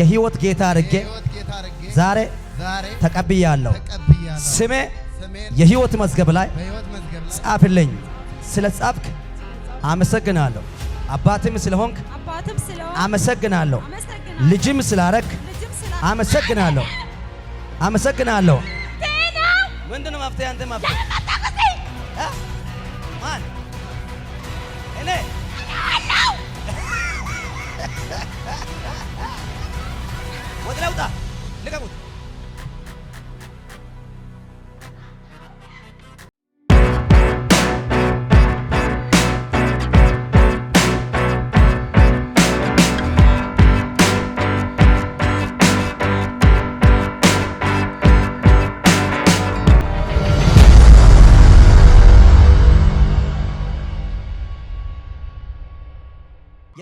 የህይወት ጌታ አድርጌ ዛሬ ተቀብያለሁ። ስሜ የህይወት መዝገብ ላይ ጻፍልኝ። ስለ ጻፍክ አመሰግናለሁ። አባትም ስለሆንክ አመሰግናለሁ። ልጅም ስላረክ አመሰግናለሁ። አመሰግናለሁ። ምንድነው ማፍትሄ አንተ ማፍትሄ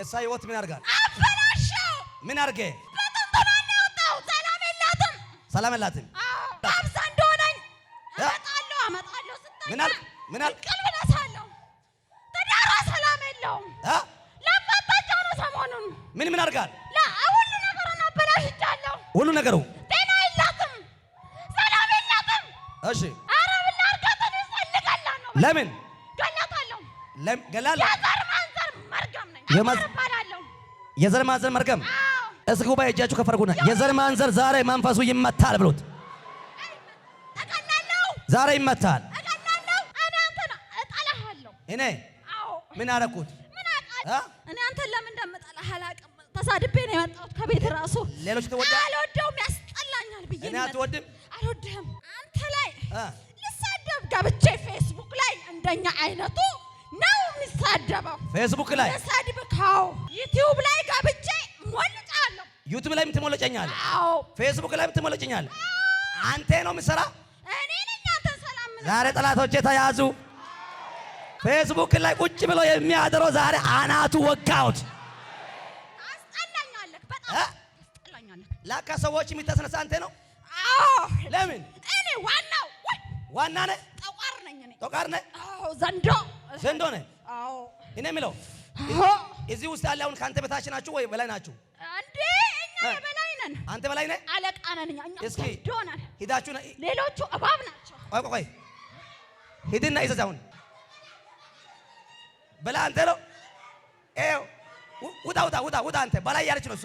የእሷ ህይወት ምን አድርጋል? አበላሸው። ምን አድርጌ? ሰላም የላትም፣ ሰላም የላትም። አብዛ እንደሆነኝ እመጣለሁ፣ አመጣለሁ። ምን አልክ? ምን እነሳለሁ። ትዳሯ ሰላም የለውም። ላባባቸው ነው ሰሞኑን። ምን ምን አድርጋል? ሁሉ ነገሩን አበላሽቻለሁ። ሁሉ ነገሩ ጤና የላትም፣ ሰላም የላትም። እሺ ለምን ገላታለሁ? ለምን ገላላ የመርገም ነኝ የዘር ማንዘር መርገም እስ ጉባኤ እጃችሁ ከፍ አድርጉና የዘር ማንዘር ዛሬ መንፈሱ ይመታል ብሎት ዛሬ ይመታል። እኔ ምን አደረኩት? እኔ አንተን ለምን እንደምጠላ አላውቅም። ተሳድቤ ነው የመጣሁት ከቤት ሌሎች አልወደውም፣ ያስጠላኛል ብዬ አትወድም፣ አልወድህም አንተ ላይ ገብቼ ፌስቡክ ላይ እንደኛ አይነቱ የምሳደበው ፌስቡክ ላይ ሰድብካው ዩቲዩብ ላይ ገብቼ ሞልጫለሁ። ዩቲዩብ ላይም ትሞለጨኛለህ፣ ፌስቡክ ላይ ትሞለጨኛለህ። አንተ ነው የምሰራ እኔ ነኝ። አንተ ሰላም ዛሬ ጠላቶቼ ተያዙ። ፌስቡክ ላይ ቁጭ ብሎ የሚያደረው ዛሬ አናቱ ወጋሁት። ላካ ሰዎች የሚታስነሳ አንተ ነው። ለምን እኔ ዋናው ዋና ነህ። ጠቋር ነኝ እኔ ጠቋር ነህ። ዘንዶ ዘንዶ ነህ አዎ እኔ የምለው እዚህ ውስጥ ያለ አሁን ከአንተ በታች ናችሁ ወይ በላይ ናችሁ? እንዴ እኛ በላይ ነን። አንተ በላይ ነህ፣ አለቃ ነን እኛ። እስኪ ሂዳችሁ ሌሎቹ እባብ ናቸው። ቆይ ቆይ ሂድና ይዘዝ አሁን በላ አንተ ነው። ውጣ ውጣ ውጣ ውጣ አንተ በላይ ያለች ነው እሷ።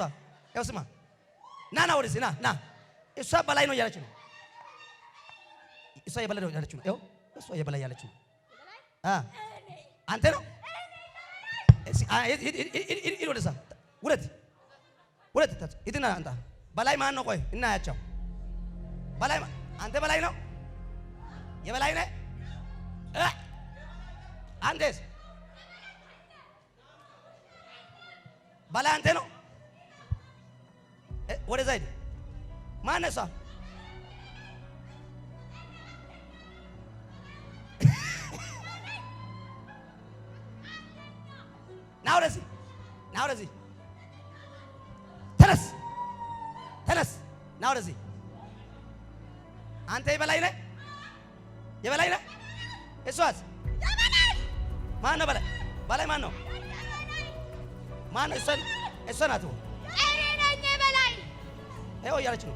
ስማ ና ና ወደዚህ ና ና እሷ በላይ ነው ያለች ነው። እሷ የበላይ ነው ነው። እሷ የበላይ ነው። አንተ ነው ወደዛ ሁለት ሁለት ሂድና አንተ በላይ ማን ነው? ቆይ እናያቸው። በላይ አንተ በላይ ነው የበላይ ነህ። አንተስ በላይ አንተ ነው። ወደዛ ሂድ ማነሳ ወደዚህ ና ወደዚህ ተነስ ተነስ ና ወደዚህ አንተ የበላይ ነህ የበላይ ነህ እሷስ ማን ነው በላይ በላይ ማን ነው ማን ነው እሷ ናት እያለች ነው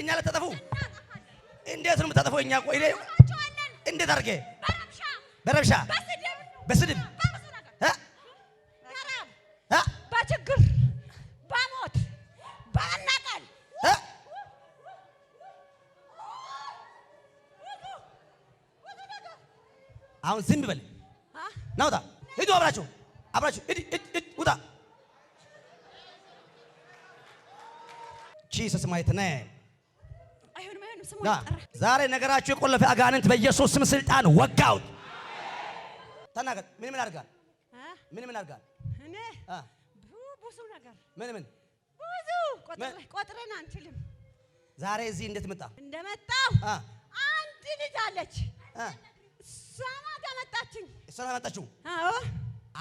እኛ ልታጠፉ እንዴት ነው የምታጠፈው? እኛ ቆይ እንዴት አድርጌ በረብሻ በስድብ በችግር በሞት በአናቀል አሁን ዝም በል ናውጣ ሂዱ አብራችሁ አብራችሁ ውጣ ጂሰስ ማየት ነ ዛሬ ነገራችሁ የቆለፈ አጋንንት በኢየሱስ ስም ስልጣን ወጋውት። ተናገር። ምን ምን አድርጋል? ምን ምን አድርጋል? እኔ ብዙ ነገር ምን ምን ብዙ ቆጥረን አንችልም። ዛሬ እዚህ እንዴት መጣ? እንደመጣው አንድ ልጅ አለች። እሷና ተመጣችኝ። እሷና መጣችሁ? አዎ።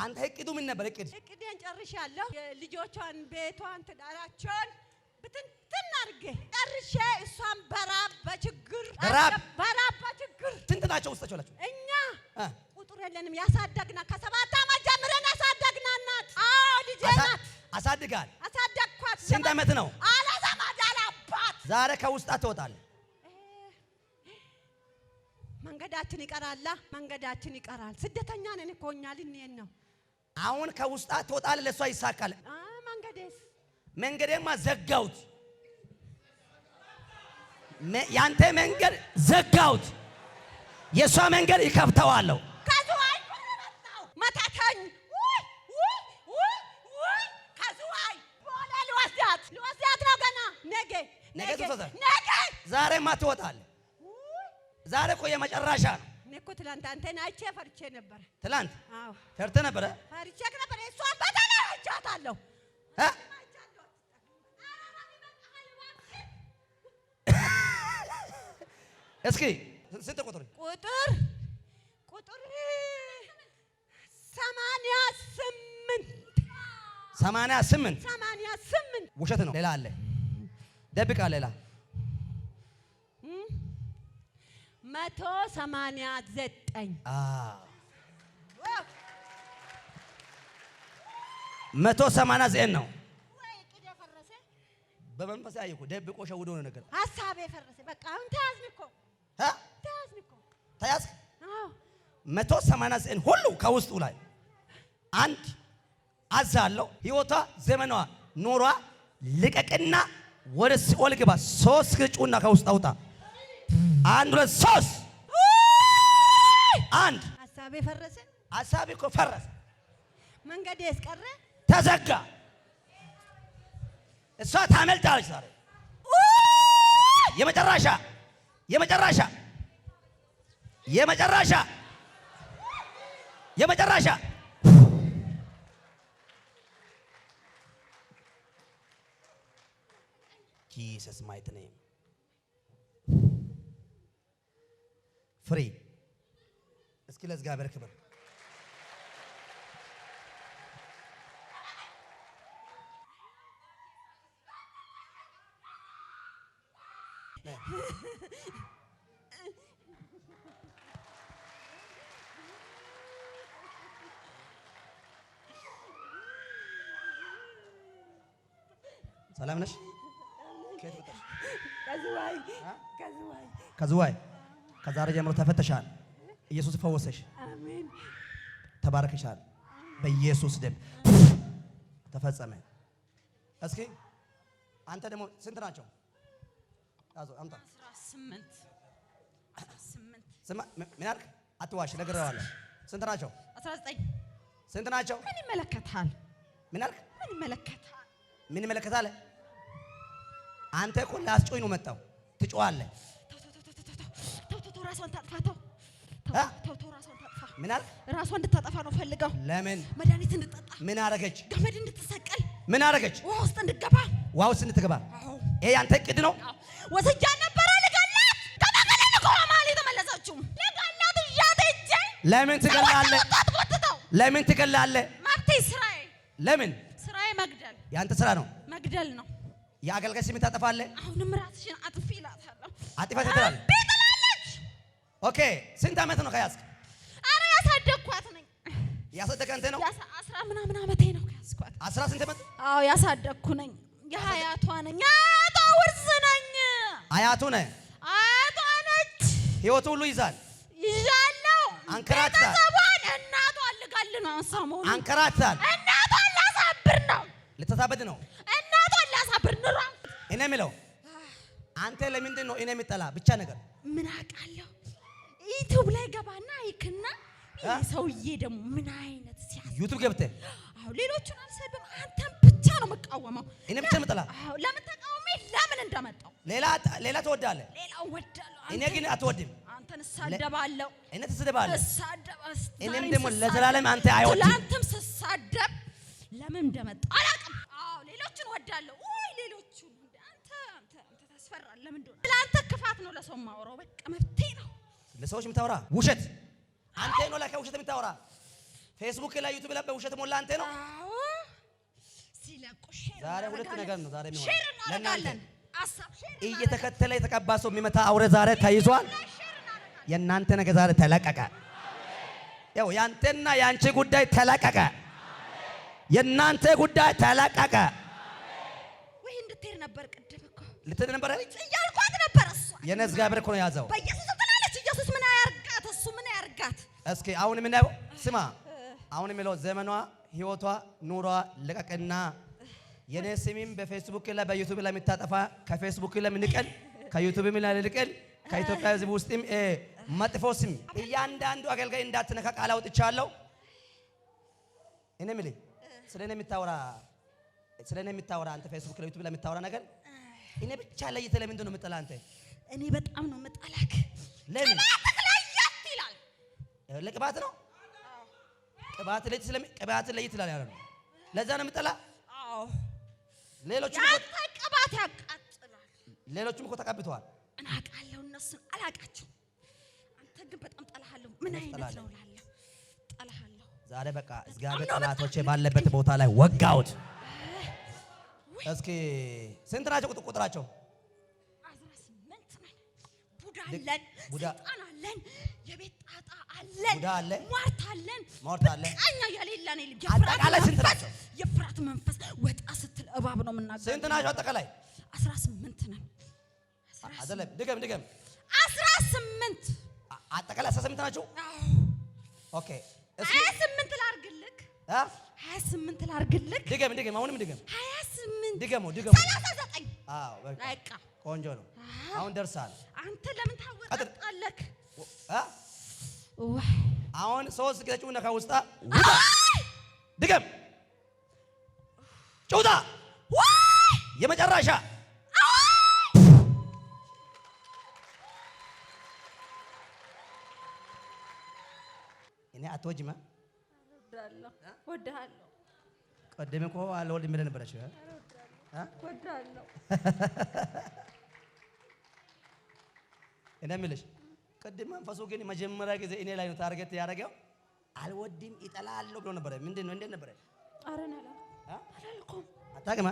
አንተ እቅዱ ምን ነበር? እቅድ እቅዴን ጨርሻለሁ። ልጆቿን፣ ቤቷን፣ ትዳራቸውን ትንትን አድርጌ ጠርሼ እሷን በራብ በችግር በራብ በችግር ስንት ውስጣቸው ናቸው። እኛ ቁጥር የለንም። ያሳደግና ከሰባት ዓመት ጀምረን ያሳደግና ናት። አዎ ልጄ ናት። አሳድጋል አሳደግኳት። ስንት ዓመት ነው? አለዘመድ አላባት። ዛሬ ከውስጣት ትወጣለህ። መንገዳችን ይቀራላ። መንገዳችን ይቀራል። ስደተኛ ነን እኮ እኛ ልንሄድ ነው። አሁን ከውስጣት ትወጣለህ። ለእሷ ይሳካል መንገዴስ መንገዴማ ዘጋሁት። ያንተ መንገድ ዘጋሁት፣ የእሷ መንገድ ይከፍተዋለሁ። ዛሬማ ትወጣለህ። ዛሬ እኮ የመጨረሻ ነው። እኔ እኮ ትላንት አንተን አይቼ ፈርቼ ነበረ። ትላንት ፈርቼ ነበረ። እስኪ ስንት ቁጥር ቁጥር ቁጥር ሰማንያ ስምንት ሰማንያ ስምንት ሰማንያ ስምንት ውሸት ነው። ሌላ አለ ደብቃ ሌላ መቶ ሰማንያ ዘጠኝ መቶ ሰማንያ ዘጠኝ ነው። በመንፈስ አየሁ። ደብቆ ሸውዶ ነው ነገር ሀሳብ የፈረሰ በቃ አሁን ተያዝን እኮ ተያዝክ። መቶ ሰማንያ ዘጠኝ ሁሉ ከውስጡ ላይ አንድ አዛ አለው። ህይወቷ፣ ዘመኗ፣ ኑሯ ልቀቅና ወደ ሲኦል ግባ። ሶስት ጩና ከውስጥ አውጣ። አንድ ሁለት ሶስት። አንድ ሀሳቤ ፈረሰ። ሀሳቤ እኮ ፈረሰ። መንገድ ያስቀረ ተዘጋ። እሷ ታመልጣለች ዛሬ የመጨረሻ የመጨረሻ የመጨረሻ የመጨረሻ ጂሰስ ማይት ኔም ፍሪ። እስኪ ለእግዚአብሔር ክብር ሰላም ነሽ? ከዝዋይ ከዛሬ ጀምሮ ተፈተሻል። ኢየሱስ ፈወሰሽ። ተባረክሻል። በኢየሱስ ደም ተፈጸመ። እስኪ አንተ ደግሞ ስንት ናቸው? ስምንት ምን አልክ? አትዋሽ፣ ስንት ናቸው? አስራ ዘጠኝ ስንት ናቸው? ምን ይመለከታል? ምን አልክ? ምን ይመለከታል? ምን ይመለከታል? አንተ እኮ ላስጮኝ ነው መጣው። ትጮዋለህ። ራሷን ታጥፋ። ምን አልክ? ራሷን እንድታጠፋ ነው ፈልገው። ለምን? መድኃኒት እንድጠጣ። ምን አደረገች? ገመድ እንድትሰቀል። ምን አደረገች? ውሃ ውስጥ እንድትገባ። ውሃ ውስጥ እንድትገባ። ይሄ ያንተ እቅድ ነው። ወስጃ ነበረ ለምን ትገላለህ? ለምን ትገላለህ? ማብቴ ስራዬ ለምን ስራዬ መግደል። ያንተ ስራ ነው መግደል ነው። የአገልጋይ ስሜት ታጠፋለህ። አሁንም ራስሽን አጥፊ እላታለሁ። አጥፋ ትላለህ። ኦኬ። ስንት ዓመት ነው ከያዝክ? አረ ያሳደግኳት ነኝ። ያሳደግህ አንተ ነው። አስራ ምናምን ዓመቴ ነው ከያዝኳት። አስራ ስንት ዓመት? አዎ ያሳደግኩ ነኝ። የሀያቷ ነኝ። አያቷ ውርስ ነኝ። አያቱ ነህ። አያቷ ነች። ህይወቱ ሁሉ ይዛል አንከራታል። እናቷ ልጋልን ነው ሰሞኑን አንከራታል። እናቷ ላሳብር ነው ልተሳበድ ነው እናቷ ላሳብር ነው። እኔ የምለው አንተ ለምንድን ነው እኔ የምጠላ ብቻ ነገር ምን አውቃለሁ። ዩቲዩብ ላይ ገባና አይክና ሰውዬ ደግሞ ምን አይነት ሲያ ዩቲዩብ ገብተህ አዎ፣ ሌሎቹን አልሰድብም አንተን ብቻ ነው የምቃወመው። እኔ ብቻ የምጠላ ለምን ተቃውሜ ለምን እንደመጣው ሌላ ሌላ ትወዳለህ። ሌላ እወዳለሁ። እኔ ግን አትወድም እሳደባለሁ። እኔ ተሰደባለሁ። እኔም ደግሞ ለዘላለም አንተ አይወድም። ስሳደብ ለምን እንደመጣ አላውቅም። አዎ ሌሎችን ወዳለሁ። ሌሎቹን አንተ አንተ ታስፈራለህ። ለምን እንደሆነ ለአንተ ክፋት ነው ለሰው የማወራው። በቃ መብቴ ነው ለሰዎች የምታወራ ውሸት አንተ ነው ላካ ውሸት የምታወራ ፌስቡክ ላይ ዩቲዩብ ላይ በውሸት ሞላ አንተ ነው። ዛሬ ሁለት ነገር ነው። ዛሬ ነው ሼር እየተከተለ የተቀባ ሰው የሚመታ አውሬ ዛሬ ተይዟል። የእናንተ ነገ ዛሬ ተለቀቀ። ያው ያንተና ያንቺ ጉዳይ ተለቀቀ። የእናንተ ጉዳይ ተለቀቀ። ወይ እንድትሄድ ነበር ቅድም እኮ ልትሄድ ነበር እያልኳት ነበር። እሱ የእኔ እግዚአብሔር እኮ ነው ያዘው። በኢየሱስ ትላለች። ኢየሱስ ምን ያርጋት? እሱ ምን ያርጋት? እስኪ አሁን ምን ያው ስማ፣ አሁን የሚለው ዘመኗ፣ ህይወቷ፣ ኑሯ ልቀቅና የኔ ስሚም በፌስቡክ ላይ በዩቲዩብ ላይ የምታጠፋ ከፌስቡክ ላይ ምን ልቀል ከዩቲዩብ ላይ ልቀል ከኢትዮጵያ ሕዝብ ውስጥም መጥፎ ስም እያንዳንዱ አገልጋይ እንዳትነካ ቃል አውጥቻለሁ። እኔ የምልህ ስለ እኔ የምታወራ ስለ እኔ የምታወራ አንተ ፌስቡክ ላይ ዩቲዩብ ነገር እኔ ብቻ ለይተህ ለምንድን ነው የምጠላህ አንተ? እኔ በጣም ነው የምጠላህ። ለምን ለየት ይላል? ለቅባት ነው ቅባት ለይት ስለ ቅባት ለይት ይላል ያለው ለዛ ነው የምጠላህ። አዎ ሌሎቹም ቅባት ያቃጥላል። ሌሎቹም እኮ ተቀብተዋል። እነሱን አላቃቸው። አንተ ግን በጣም ጠላሃለሁ። ምን አይነት ነው ላለሁ ጠላሃለሁ። ዛሬ በቃ እግዚአብሔር ጠላቶቼ ባለበት ቦታ ላይ ወጋውት እስኪ ስንት ናቸው ቁጥራቸው? አለን ስልጣን አለን፣ የቤት ጣጣ አለን፣ ሟርት አለን፣ ቀኛ የሌለ የፍርሃት መንፈስ ወጣ ስትል እባብ ነው የምናገር። ስንት ናቸው አጠቃላይ? አስራ ስምንት ነን። አይደለም ድገም ድገም አስራ ስምንት አጠቃላይ አስራ ስምንት ናቸው። ኦኬ ሀያ ስምንት ላድርግልህ፣ ሀያ ስምንት ላድርግልህ። ድገም ድገም፣ አሁንም ድገም። ሀያ ስምንት ድገሙ ድገሙ። ሰላሳ ዘጠኝ በቃ ቆንጆ ነው። አሁን ደርሰሃል። አንተ ለምን ታወጣጣለህ? አሁን ሶስት ጊዜ ጩና ከውስጣ ውጣ። ድገም ጩታ የመጨረሻ አትወጂማ? እወድሃለሁ። ቅድም እኮ አልወልድም ብለህ ነበረች። እወድሃለሁ ቅድም መንፈሱ ግን መጀመሪያ ጊዜ እኔ ላይ ነው ታርጌት ያደረገው። አልወድም ይጠላለሁ ብሎ ነበረ። ምንድን ነው እንዴት ነበረ? አታውቅም።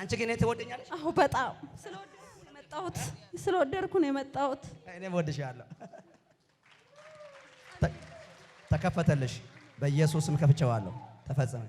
አንቺ ግን ትወደኛለሽ? አዎ በጣም ስለወደድኩ ነው የመጣሁት። ስለወደድኩ ነው የመጣሁት። እኔም እወድሻለሁ ተከፈተልሽ። በኢየሱስም ከፍቼዋለሁ። ተፈጸመ።